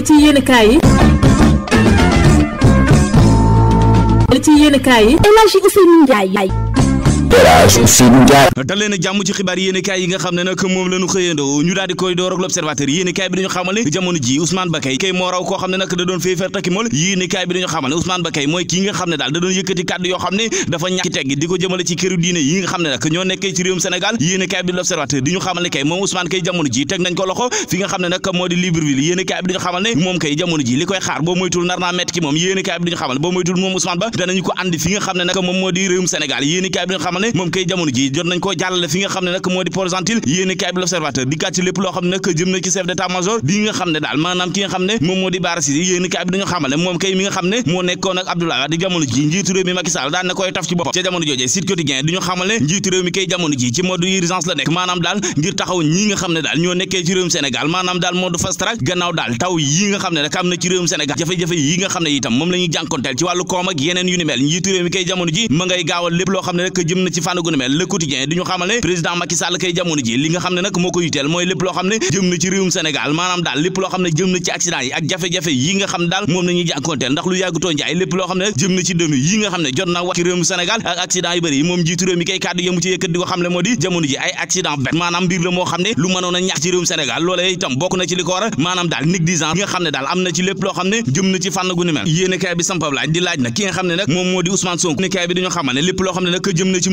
li ci yéen kaay yi li ci yéen kaay yi El Hadji Elhadj Ousseynou Ndiaye dal leen a dafa ñàkk tegg di ko jëmale ci këru diine yi nga xam ne nag ñoo nekkee ci réewum Sénégal yéene bi l'observateur xamal ne moom kay jamono ji li koy xaar boo moytul nar naa metti ci moom yéene bi dañu xamal boo moytul moom Ousmane Ba danañu ko àndi fi nga xam ne nag moom moo di réewum Sénégal xam ne moom kay jamono ji jot nañ koo jàllale fi nga xam ne nag moo di Argentine yéen kaay bi l'observateur di gàcc lépp loo xam ne nag jëm na ci chef d'état major bi nga xam ne daal maanaam ki nga xam ne moom moo di Bara Cissé yéen kaay bi dañu xamal ne moom kay mi nga xam ne moo nekkoon ak Abdoulaye Wade jamono ji njiitu réew mi Macky Sall daan na koy taf ci boppam ca jamono jooje Sud Quotidien di ñu xamal ne njiitu réew mi kay jamono ji ci mode urgence la nekk maanaam daal ngir taxaw ñi nga xam ne daal ñoo nekkee ci réewum Sénégal maanaam daal mode fast track gannaaw daal taw yi nga xam ne rek am na ci réewum Sénégal jafe-jafe yi nga xam ne itam moom la ñuy jànkonteel ci wàllu koom ak yeneen yu ni mel njiitu réew mi kay jamono ji ma ngay gaawal lépp loo xam ne rek jëm na jëmale ci fànn gu nu mel le quotidien di xamal ne président Macky kay jamono ji li nga xam ne nag moom nañuy di ko xam di ne lu bi di laaj nag ki nga xam ne nag moom moo di Ousmane Sonko yéene kaay bi dañu xamal ne lépp loo xam ne nag jëm na ci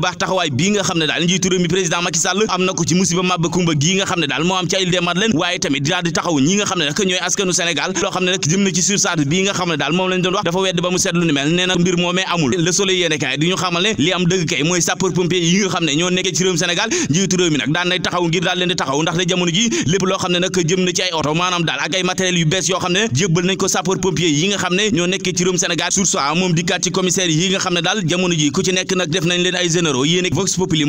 na bii nga xam ne daal njiitu mi président Macky am na ko ci musiba mabba kumba gii nga xam ne daal moom lañ doon wax dafa wedd ba mu seetlu mel nee na mbir moomee amul le soleil yéene kaay di ñu xamal ne li am dëgg kay mooy sapeur pompier yi nga xam ne ñoo nekkee ci réewum Sénégal njiitu moom dikkaat ci commissaire yi nga xam ne daal jamono ji ku ci nekk nag def nañ leen ay généraux yéen vox populi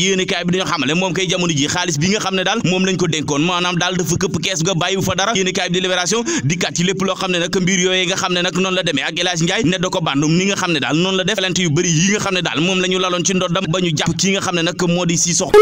nga xamale moom kay jamono ji xaalis bi nga xam daal moom lañ ko dénkoon maanaam daal dafa këpp kees nga bàyyi fa dara yéen kaay bi di dikkaat ci lépp loo xam ne nag mbir yooyee nga xam ne nag noonu la demee ak El Hadj ne da ko bandum ni nga xam ne daal noonu la def yu bëri yi nga xam ne daal moom la laloon ci ndoddam ba ñu jàpp ki nga xam ne nag moo di Sissoko